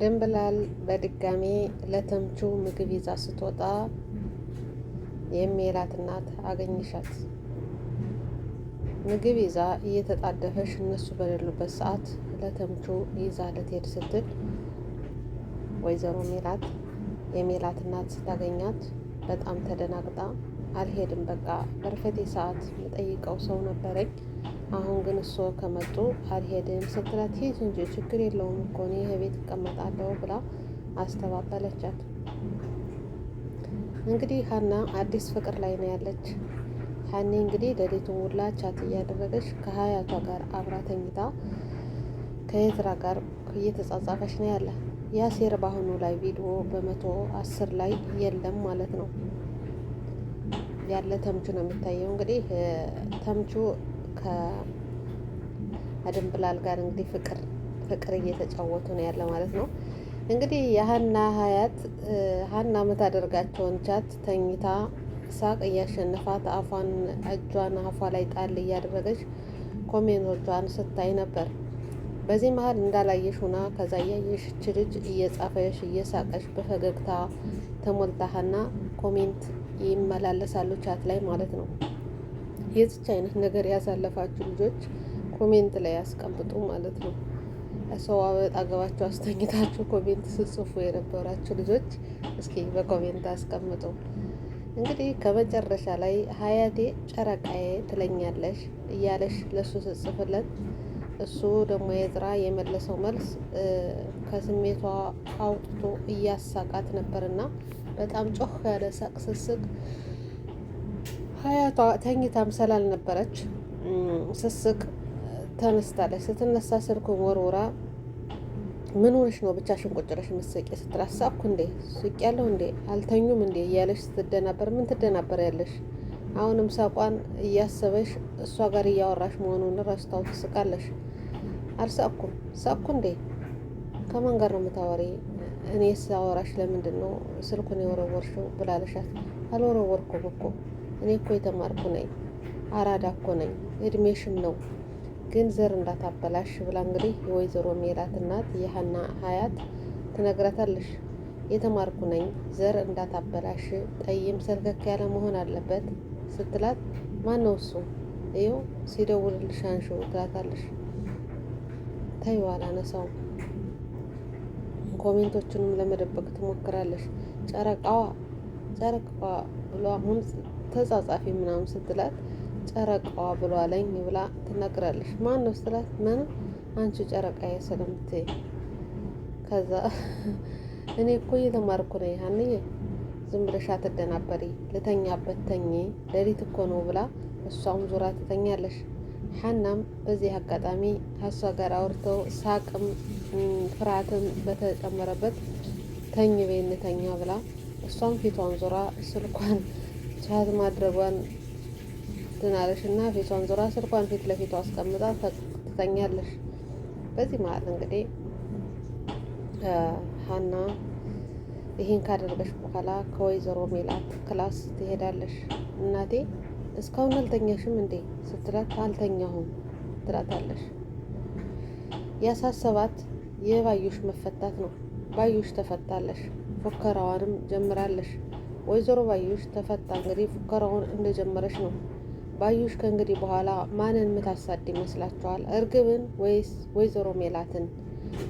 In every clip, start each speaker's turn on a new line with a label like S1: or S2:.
S1: ድንብላል በድጋሜ ለተምቹ ምግብ ይዛ ስትወጣ የሚላት እናት አገኘሻት። ምግብ ይዛ እየተጣደፈች እነሱ በሌሉበት ሰዓት ለተምቹ ይዛ ልትሄድ ስትል ወይዘሮ ሜላት የሜላት እናት ስታገኛት በጣም ተደናግጣ አልሄድም፣ በቃ በርፈቴ ሰዓት የምጠይቀው ሰው ነበረኝ አሁን ግን እሷ ከመጡ አልሄድም ስትላት ሂድ እንጂ ችግር የለውም እኮ እኔ ቤት እቀመጣለሁ ብላ አስተባበለቻት። እንግዲህ ሀና አዲስ ፍቅር ላይ ነው ያለች። ሀኒ እንግዲህ ሌሊቱን ውላ ቻት እያደረገች ከሀያቷ ጋር አብራ ተኝታ ከኤዝራ ጋር እየተጻጻፈች ነው ያለ። ያሴር በአሁኑ ላይ ቪዲዮ በመቶ አስር ላይ የለም ማለት ነው ያለ ተምቹ ነው የሚታየው እንግዲህ ተምቹ ከአደም ብላል ጋር እንግዲህ ፍቅር ፍቅር እየተጫወቱ ነው ያለ ማለት ነው። እንግዲህ የሀና ሀያት ሀና የምታደርጋቸውን ቻት ተኝታ ሳቅ እያሸነፋት አፏን እጇን አፏ ላይ ጣል እያደረገች ኮሜንቶቿን ስታይ ነበር። በዚህ መሀል እንዳላየሽ ሁና ከዛ ያየሽ ልጅ እየጻፈሽ እየሳቀሽ በፈገግታ ተሞልታሃና ኮሜንት ይመላለሳሉ ቻት ላይ ማለት ነው። የዚች አይነት ነገር ያሳለፋችሁ ልጆች ኮሜንት ላይ ያስቀምጡ ማለት ነው። ሰው አበጥ አስተኝታችሁ ኮሜንት ስጽፉ የነበራችሁ ልጆች እስኪ በኮሜንት አስቀምጡ። እንግዲህ ከመጨረሻ ላይ ሀያቴ ጨረቃዬ ትለኛለሽ እያለሽ ለእሱ ስጽፍለት እሱ ደግሞ የጥራ የመለሰው መልስ ከስሜቷ አውጥቶ እያሳቃት ነበርና በጣም ጮህ ያለ ሳቅ ስስቅ ሀያቷ ተኝታ ተኝታም ስላልነበረች ስስቅ ተነስታለች። ስትነሳ ስልኩን ወርውራ ምን ሆነሽ ነው ብቻሽን ቁጭ ብለሽ መሰቄ ስትላት እንዴ ሱቅ ያለው እንዴ አልተኙም እንዴ እያለሽ ስትደናበር ምን ትደናበር ያለሽ አሁንም ሳቋን እያሰበሽ እሷ ጋር እያወራሽ መሆኑን ረስታው ትስቃለሽ። አልሳቅኩም። ሳቅኩ እንዴ ከማን ጋር ነው የምታወሪ? እኔ ሳወራሽ ለምንድን ነው ስልኩን የወረወርሽው ብላለሻት። አልወረወርኩም እኮ እኔ እኮ የተማርኩ ነኝ፣ አራዳ እኮ ነኝ፣ እድሜሽም ነው ግን ዘር እንዳታበላሽ ብላ እንግዲህ የወይዘሮ ሜላት እናት የሀና ሀያት ትነግረታለሽ። የተማርኩ ነኝ ዘር እንዳታበላሽ፣ ጠይም ሰልከክ ያለ መሆን አለበት ስትላት ማን ነው እሱ? ይኸው ሲደውልልሽ አንሹ ትላታለሽ። ተይው አላነሳውም። ኮሜንቶቹንም ለመደበቅ ትሞክራለሽ። ጨረቃዋ ጨረቃዋ ብሎ አሁን ተጻጻፊ ምናምን ስትላት ጨረቃዋ ብሏለኝ ብላ ትነግራለች። ማን ነው ስትላት ምን አንቺ ጨረቃዬ ስለምትይ ከዛ እኔ እኮ እየተማርኩ ነው ያንዬ ዝም ብለሽ አትደናበሪ፣ ልተኛበት ተኝ፣ ሌሊት እኮ ነው ብላ እሷም ዙራ ትተኛለች ሐናም በዚህ አጋጣሚ ከሷ ጋር አውርተው ሳቅም ፍርሃትም በተጨመረበት ተኝ ቤንተኛ ብላ እሷም ፊቷን ዙራ ስልኳን ቻት ማድረጓን ትናለሽ እና ፊቷን ዞራ ስልኳን ፊት ለፊቷ አስቀምጣ ትተኛለሽ። በዚህ መሀል እንግዲህ ሀና ይህን ካደረገሽ በኋላ ከወይዘሮ ሜላት ክላስ ትሄዳለሽ። እናቴ እስካሁን አልተኛሽም እንዴ ስትላት አልተኛሁም ትላታለሽ። ያሳሰባት የባዩሽ መፈታት ነው። ባዩሽ ተፈታለሽ፣ ፉከራዋንም ጀምራለሽ። ወይዘሮ ባዩሽ ተፈታ እንግዲህ ፉከራውን እንደጀመረች ነው። ባዩሽ ከእንግዲህ በኋላ ማንን የምታሳድ ይመስላችኋል? እርግብን ወይስ ወይዘሮ ሜላትን?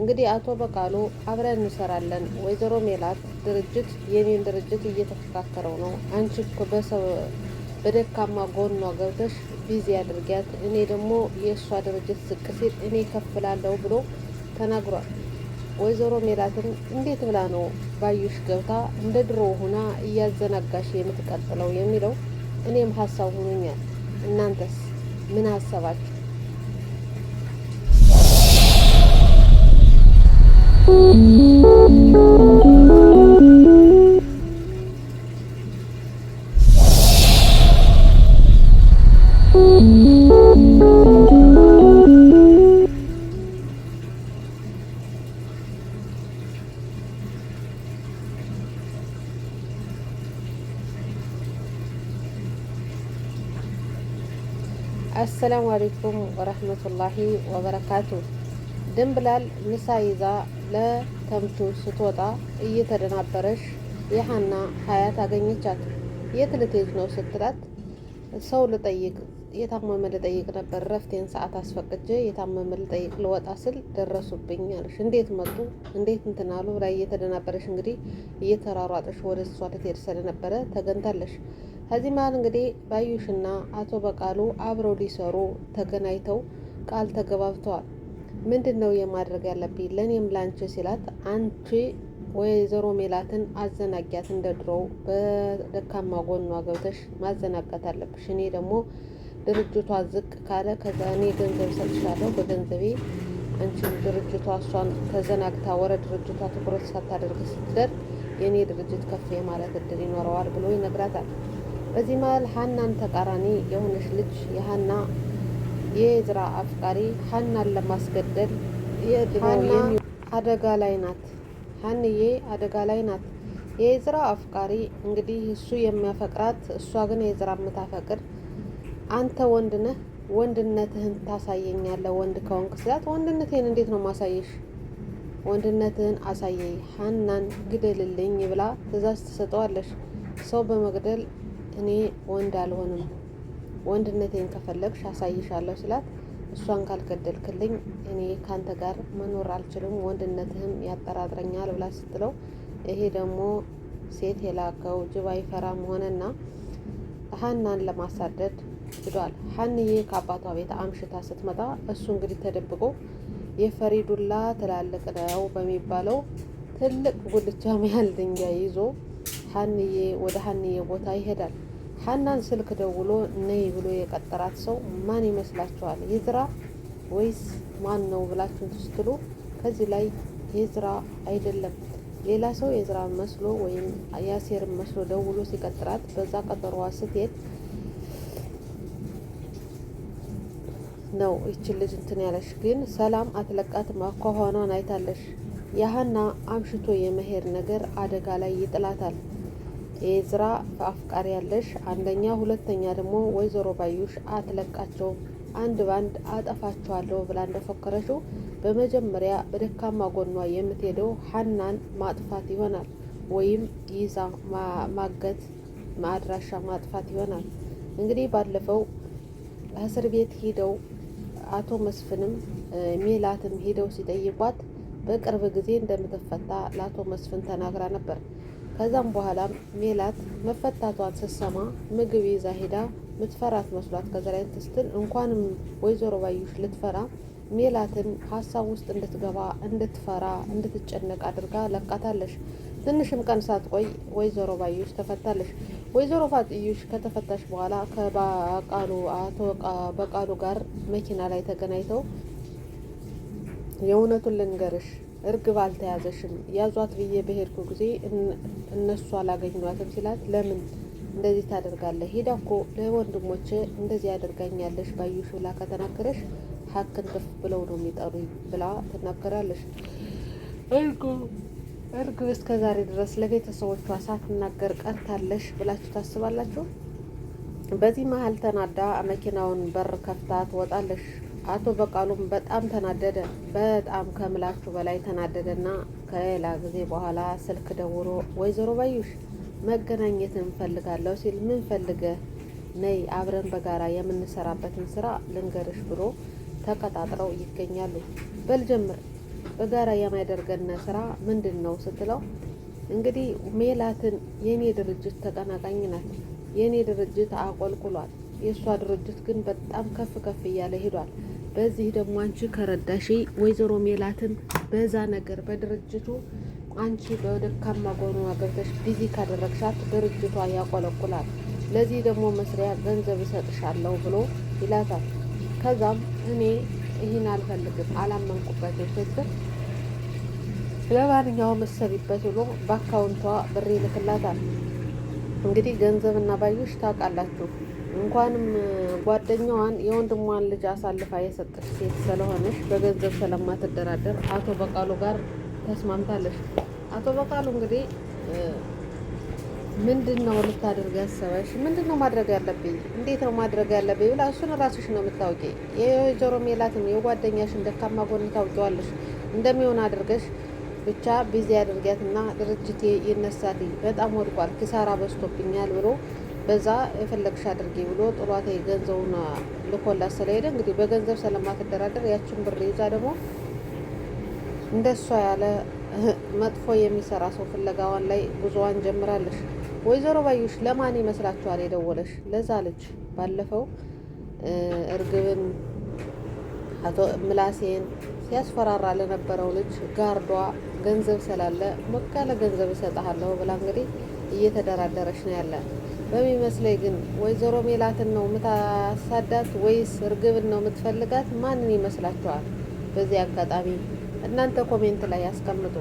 S1: እንግዲህ አቶ በቃሉ አብረን እንሰራለን፣ ወይዘሮ ሜላት ድርጅት የኔን ድርጅት እየተፈካከረው ነው። አንቺ እኮ በሰው በደካማ ጎኗ ገብተሽ ቢዚ አድርጊያት፣ እኔ ደግሞ የእሷ ድርጅት ዝቅ ሲል እኔ ከፍላለሁ ብሎ ተናግሯል። ወይዘሮ ሜላትም እንዴት ብላ ነው ባዩሽ ገብታ እንደ ድሮ ሆና እያዘናጋሽ የምትቀጥለው የሚለው እኔም ሀሳብ ሆኖኛል። እናንተስ ምን አሰባችሁ? Thank አሰላሙ አሌይኩም ወረህመቱላሂ ወበረካቱ። ድንብላል ምሳ ይዛ ለተምቹ ስትወጣ እየተደናበረች የሀና ሀያት አገኘቻት። የት ልትሄጂ ነው ስትላት ሰው ልጠይቅ የታመመ ልጠይቅ ነበር። ረፍቴን ሰዓት አስፈቅጄ የታመመ ልጠይቅ ልወጣ ስል ደረሱብኝ አለሽ። እንዴት መጡ እንዴት እንትን አሉ ላይ እየተደናበረሽ እንግዲህ እየተሯሯጠሽ ወደ እሷ ልትሄድ ስለነበረ ተገንታለሽ። ከዚህ መሀል እንግዲህ ባዩሽና አቶ በቃሉ አብረው ሊሰሩ ተገናኝተው ቃል ተገባብተዋል። ምንድን ነው የማድረግ ያለብኝ ለእኔም ላንቺ ሲላት አንቺ ወይዘሮ ሜላትን አዘናጊያት እንደ ድሮው በደካማ ጎኗ ገብተሽ ማዘናጋት አለብሽ እኔ ደግሞ ድርጅቷ ዝቅ ካለ ከዛ እኔ ገንዘብ ሰጥሻለሁ፣ በገንዘቤ አንቺ ድርጅቷ እሷን ተዘናግታ ወረ ድርጅቷ ትኩረት ሳታደርግ ስትደር የእኔ ድርጅት ከፍ የማለት እድል ይኖረዋል ብሎ ይነግራታል። በዚህ መሀል ሀናን ተቃራኒ የሆነች ልጅ የሀና የዝራ አፍቃሪ ሀናን ለማስገደል አደጋ ላይ ናት። ሀንዬ አደጋ ላይ ናት። የዝራ አፍቃሪ እንግዲህ እሱ የሚያፈቅራት እሷ ግን የዝራ የምታፈቅር አንተ ወንድ ነህ፣ ወንድነትህን ታሳየኛለህ ወንድ ከሆንክ ስላት፣ ወንድነትህን እንዴት ነው ማሳየሽ? ወንድነትህን አሳየኝ፣ ሀናን ግደልልኝ ብላ ትእዛዝ ትሰጠዋለሽ። ሰው በመግደል እኔ ወንድ አልሆንም፣ ወንድነቴን ከፈለግሽ አሳይሻለሁ ስላት እሷን ካልገደልክልኝ እኔ ካንተ ጋር መኖር አልችልም፣ ወንድነትህም ያጠራጥረኛል ብላ ስትለው ይሄ ደግሞ ሴት የላከው ጅባ አይፈራም ሆነና ሀናን ለማሳደድ አስገድዷል። ሀንዬ ከአባቷ ቤት አምሽታ ስትመጣ እሱ እንግዲህ ተደብቆ የፈሪዱላ ትላልቅ ነው በሚባለው ትልቅ ጉልቻ ያህል ድንጋይ ይዞ ሀንዬ ወደ ሀንዬ ቦታ ይሄዳል። ሀናን ስልክ ደውሎ ነይ ብሎ የቀጠራት ሰው ማን ይመስላችኋል? ይዝራ ወይስ ማን ነው ብላችሁን ትስትሉ ከዚህ ላይ የዝራ አይደለም ሌላ ሰው የዝራ መስሎ ወይም ያሴር መስሎ ደውሎ ሲቀጥራት በዛ ቀጠሮዋ ስትሄድ ነው ይችን ልጅ እንትን ያለሽ ግን ሰላም አትለቃትም ከሆኗን አይታለሽ። ያህና አምሽቶ የመሄድ ነገር አደጋ ላይ ይጥላታል። የዝራ አፍቃሪ ያለሽ አንደኛ፣ ሁለተኛ ደግሞ ወይዘሮ ባዩሽ አትለቃቸውም። አንድ ባንድ አጠፋቸዋለሁ ብላ እንደፎከረችው በመጀመሪያ በደካማ ጎኗ የምትሄደው ሀናን ማጥፋት ይሆናል፣ ወይም ይዛ ማገት ማድራሻ ማጥፋት ይሆናል። እንግዲህ ባለፈው እስር ቤት ሂደው አቶ መስፍንም ሜላትም ሄደው ሲጠይቋት በቅርብ ጊዜ እንደምትፈታ ለአቶ መስፍን ተናግራ ነበር። ከዛም በኋላም ሜላት መፈታቷን ስትሰማ ምግብ ይዛ ሄዳ ምትፈራት መስሏት ከዘላይ ላይ እንኳንም ወይዘሮ ባዩሽ ልትፈራ ሜላትን ሀሳብ ውስጥ እንድትገባ እንድትፈራ እንድትጨነቅ አድርጋ ለቃታለሽ። ትንሽም ቀን ሳትቆይ ወይዘሮ ባዩሽ ተፈታለሽ። ወይዘሮ ፋጥዩሽ ከተፈታሽ በኋላ ከበቃሉ አቶ በቃሉ ጋር መኪና ላይ ተገናኝተው የእውነቱን ልንገርሽ እርግብ አልተያዘሽም፣ ያዟት ብዬ በሄድኩ ጊዜ እነሱ አላገኟትም ሲላት፣ ለምን እንደዚህ ታደርጋለህ? ሄዳ እኮ እንደዚህ ያደርጋኛለሽ ባዩሽ ብላ ከተናገረሽ ሀክን ከፍ ብለው ነው የሚጠሩኝ ብላ ትናገራለሽ። እርግብ እስከ ዛሬ ድረስ ለቤተሰቦቿ ሳትናገር ቀርታለሽ ብላችሁ ታስባላችሁ? በዚህ መሀል ተናዳ መኪናውን በር ከፍታ ትወጣለሽ። አቶ በቃሉም በጣም ተናደደ። በጣም ከምላችሁ በላይ ተናደደና ከሌላ ጊዜ በኋላ ስልክ ደውሮ ወይዘሮ ባዩሽ መገናኘት እንፈልጋለሁ ሲል ምን ፈልገ ነይ አብረን በጋራ የምንሰራበትን ስራ ልንገርሽ ብሎ ተቀጣጥረው ይገኛሉ። በል ጀምር በጋራ የሚያደርገን ስራ ምንድን ነው ስትለው እንግዲህ ሜላትን የኔ ድርጅት ተቀናቃኝ ናት። የኔ ድርጅት አቆልቁሏል፣ የእሷ ድርጅት ግን በጣም ከፍ ከፍ እያለ ሂዷል። በዚህ ደግሞ አንቺ ከረዳሽ ወይዘሮ ሜላትን በዛ ነገር በድርጅቱ አንቺ በደካማ ጎኑ ገብተሽ ቢዚ ካደረግሻት ድርጅቷ ያቆለቁላል። ለዚህ ደግሞ መስሪያ ገንዘብ እሰጥሻለሁ ብሎ ይላታል። ከዛም እኔ ይህን አልፈልግም፣ አላመንኩበትም ስትል ለማንኛውም እሰቢበት ብሎ በአካውንቷ ብር ይልክላታል። እንግዲህ ገንዘብና ባዩሽ ታውቃላችሁ፣ እንኳንም ጓደኛዋን የወንድሟን ልጅ አሳልፋ የሰጠች ሴት ስለሆነች በገንዘብ ስለማትደራደር አቶ በቃሉ ጋር ተስማምታለች። አቶ በቃሉ እንግዲህ ምንድን ነው ልታደርግ ያሰበሽ? ምንድን ነው ማድረግ ያለብኝ? እንዴት ነው ማድረግ ያለብኝ ብላ እሱን ራስሽ ነው የምታውቂ። የወይዘሮ ሜላትን የጓደኛሽን ደካማ ጎን ታውቂዋለሽ። እንደሚሆን አድርገሽ ብቻ ቢዚ አድርጊያትና ድርጅቴ ይነሳልኝ፣ በጣም ወድቋል፣ ኪሳራ በዝቶብኛል ብሎ በዛ የፈለግሽ አድርጊ ብሎ ጥሏት ገንዘቡን ልኮላት ስለሄደ እንግዲህ በገንዘብ ስለማትደራደር ያችን ብር ይዛ ደግሞ እንደሷ ያለ መጥፎ የሚሰራ ሰው ፍለጋዋን ላይ ጉዞዋን ጀምራለሽ። ወይዘሮ ባዩሽ ለማን ይመስላችኋል የደወለሽ? ለዛ ልጅ ባለፈው እርግብን አቶ ምላሴን ሲያስፈራራ ለነበረው ልጅ ጋርዷ ገንዘብ ስላለ ሞቅ ያለ ገንዘብ እሰጥሃለሁ ብላ እንግዲህ እየተደራደረች ነው ያለ። በሚመስለኝ ግን ወይዘሮ ሜላትን ነው የምታሳዳት ወይስ እርግብን ነው የምትፈልጋት? ማንን ይመስላችኋል? በዚህ አጋጣሚ እናንተ ኮሜንት ላይ ያስቀምጡ።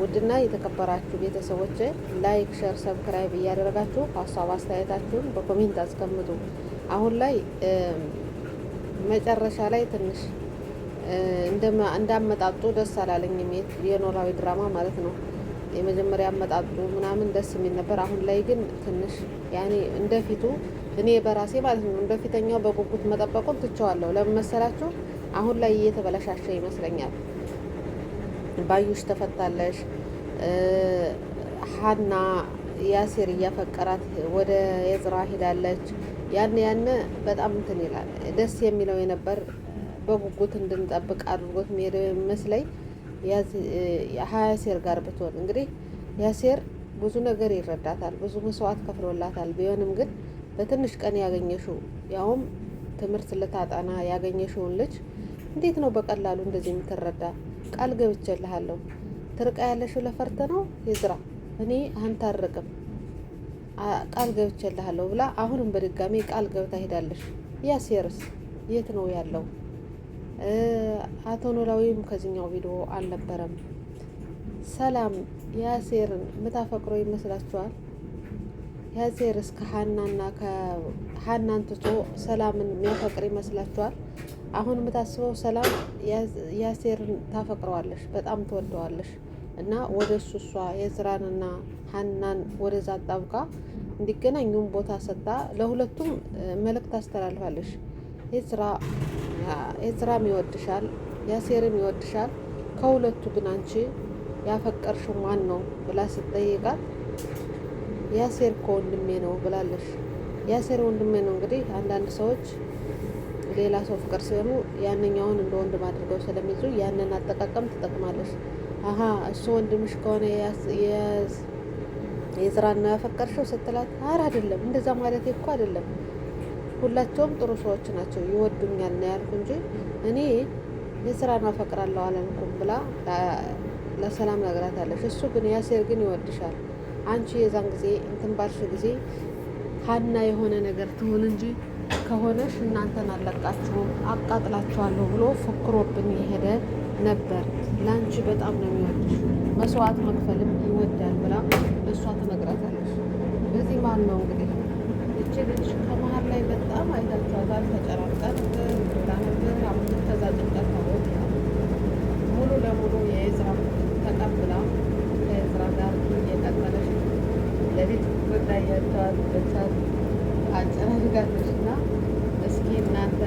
S1: ውድና የተከበራችሁ ቤተሰቦች ላይክ፣ ሸር፣ ሰብስክራይብ እያደረጋችሁ ሀሳብ አስተያየታችሁን በኮሜንት አስቀምጡ። አሁን ላይ መጨረሻ ላይ ትንሽ እንዳመጣጡ ደስ አላለኝም፣ የኖላዊ ድራማ ማለት ነው። የመጀመሪያ አመጣጡ ምናምን ደስ የሚል ነበር። አሁን ላይ ግን ትንሽ ያኔ እንደፊቱ እኔ በራሴ ማለት ነው እንደፊተኛው በጉጉት መጠበቁን ትቸዋለሁ። ለምን መሰላችሁ? አሁን ላይ እየተበለሻሸ ይመስለኛል። ባዩሽ ተፈታለሽ። ሀና ያሴር እያፈቀራት ወደ የዝራ ሄዳለች። ያን ያን በጣም እንትን ይላል። ደስ የሚለው የነበር በጉጉት እንድንጠብቅ አድርጎት የሚሄደው የሚመስለኝ ሀያሴር ጋር ብትሆን እንግዲህ ያሴር ብዙ ነገር ይረዳታል፣ ብዙ መስዋዕት ከፍሎላታል። ቢሆንም ግን በትንሽ ቀን ያገኘሽው ያውም ትምህርት ልታጠና ያገኘሽውን ልጅ እንዴት ነው በቀላሉ እንደዚህ የምትረዳ? ቃል ገብቼልሃለሁ። ትርቃ ያለሽው ለፈርተ ነው የዝራ እኔ አንተ ቃል ገብቼልሃለሁ ብላ አሁንም በድጋሚ ቃል ገብታ ሄዳለሽ። ያሴርስ የት ነው ያለው? አቶ ኖላዊም ከዚኛው ቪዲዮ አልነበረም። ሰላም ያሴርን ምታፈቅሮ ይመስላችኋል? ያሴርስ ከሀናና ከሀናን ትቶ ሰላምን የሚያፈቅር ይመስላችኋል? አሁን የምታስበው ሰላም ያሴርን ታፈቅረዋለሽ፣ በጣም ትወደዋለሽ እና ወደ እሱ እሷ የዝራንና ሀናን ወደዛ ጣብቃ እንዲገናኙም ቦታ ሰጥታ ለሁለቱም መልእክት ታስተላልፋለሽ። የዝራም ይወድሻል፣ ያሴርም ይወድሻል። ከሁለቱ ግን አንቺ ያፈቀርሽው ማን ነው ብላ ስጠይቃል? ያሴር ከወንድሜ ነው ብላለሽ። ያሴር ወንድሜ ነው እንግዲህ አንዳንድ ሰዎች ሌላ ሰው ፍቅር ሲሆኑ ያንኛውን እንደ ወንድም አድርገው ስለሚይዙ ያንን አጠቃቀም ትጠቅማለች። አሀ እሱ ወንድምሽ ከሆነ የስራ ነው ያፈቀርሽው ስትላት፣ አር አይደለም እንደዛ ማለት እኮ አይደለም ሁላቸውም ጥሩ ሰዎች ናቸው ይወዱኛል ነው ያልኩ እንጂ እኔ የስራ ነው አፈቅራለሁ አላልኩም ብላ ለሰላም ነግራታለች። እሱ ግን ያሴር ግን ይወድሻል አንቺ የዛን ጊዜ እንትን ባልሽ ጊዜ ሀና የሆነ ነገር ትሁን እንጂ ከሆነሽ እናንተን አለቃችሁም አቃጥላችኋለሁ ብሎ ፎክሮብን የሄደ ነበር። ለአንቺ በጣም ነው የሚወድሽ መስዋዕት መክፈልም ይወዳል ብላ እሷ ትነግራታለች። በዚህ ማን ነው እንግዲህ እቺ ልጅ ከመሀል ላይ በጣም አይታችኋታል። ተጨራርቀን ሙሉ ለሙሉ ተቀብላ ጋር እየቀጠለች ለቤት ጉዳያቸዋል አጨራርጋለች እና እስኪ እናንተ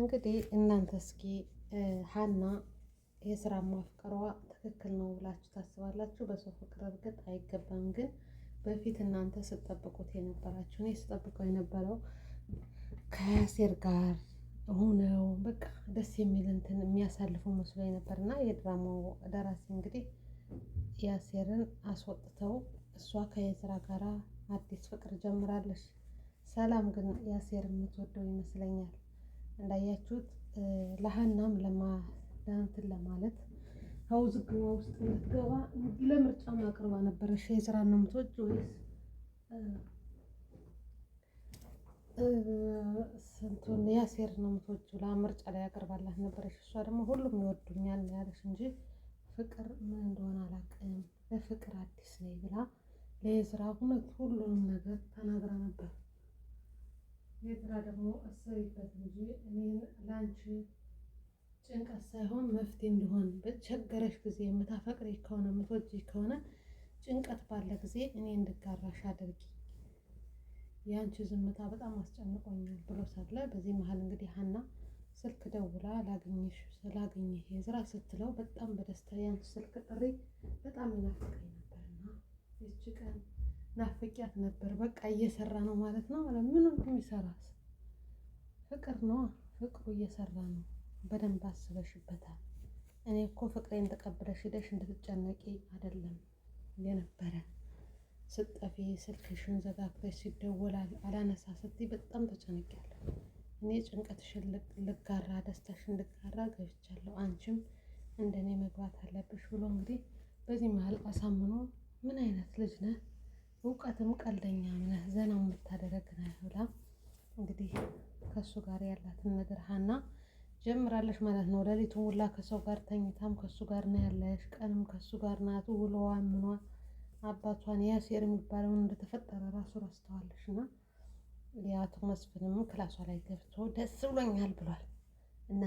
S1: እንግዲህ እናንተ እስኪ ሀና የስራ ማፍቀሯ ትክክል ነው ብላችሁ ታስባላችሁ? በሰው ፍቅር እርግጥ አይገባም፣ ግን በፊት እናንተ ስጠብቁት የነበራችሁ እኔ ስጠብቀው የነበረው ከያሴር ጋር ሆነው በቃ ደስ የሚል እንትን የሚያሳልፉ መስሎ ነበር እና የድራማው ደራሲ እንግዲህ ያሴርን አስወጥተው እሷ ከየስራ ጋር አዲስ ፍቅር ጀምራለች። ሰላም ግን ያሴር የምትወደው ይመስለኛል። እንዳያችሁት ለሀናም ለማዳንትን ለማለት ከውዝግባ ውስጥ የምትገባ ለምርጫ አቅርባ ነበረ። የስራ ነው የምትወድ ወይስ ስንቱን ያሴር ነው የምትወድ ለምርጫ ላይ ያቀርባላት ነበረች። እሷ ደግሞ ሁሉም ይወዱኛል ያለች እንጂ ፍቅር ምን እንደሆነ አላውቅም፣ ለፍቅር አዲስ ነኝ ብላ ለኤዝራ እውነት ሁሉንም ነገር ተናግራ ነበር። የዝራ ደግሞ እሰሪበት እንጂ እኔን ለአንቺ ጭንቀት ሳይሆን መፍትሄ እንዲሆን በቸገረሽ ጊዜ የምታፈቅሪ ከሆነ የምትወጂ ከሆነ ጭንቀት ባለ ጊዜ እኔ እንድጋራሽ አድርጊ፣ የአንቺ ዝምታ በጣም አስጨንቆኛል ብሎ ሳለ በዚህ መሀል እንግዲህ ሀና ስልክ ደውላ ላገኘሽ ስላገኘህ የዝራ ስትለው በጣም በደስታ ያን ስልክ ጥሪ በጣም ይናፍቀኝ ነበርና ይቺ ቀን ናፍቂያት ነበር። በቃ እየሰራ ነው ማለት ነው። ምንም የሚሰራ ፍቅር ነው። ፍቅሩ እየሰራ ነው። በደንብ አስበሽበታል። እኔ እኮ ፍቅሬን ተቀብለሽ ሄደሽ እንድትጨነቂ አይደለም የነበረ ስጠፊ ስልክሽን ዘጋግተሽ ሲደወላል አላነሳ ስትይ በጣም ተጨንቄያለሁ። እኔ ጭንቀትሽን ልጋራ ደስታሽን ልጋራ ገብቻለሁ፣ አንቺም እንደኔ መግባት አለብሽ ብሎ እንግዲህ በዚህ መሀል አሳምኖ ምን አይነት ልጅ ነህ እውቀትም ቀልደኛ ነህ ዘና የምታደረግ ነህ ብላ እንግዲህ ከእሱ ጋር ያላትን ነገር ሀና ጀምራለች ማለት ነው። ሌሊቱን ውላ ከሰው ጋር ተኝታም ከሱ ጋር ነው ያለሽ፣ ቀንም ከሱ ጋር ናት ውሎዋ ምኗ አባቷን ያሴር የሚባለውን እንደተፈጠረ ራሱ ረስተዋለሽ እና የአቶ መስፍንም ክላሷ ላይ ገብቶ ደስ ብሎኛል ብሏል እና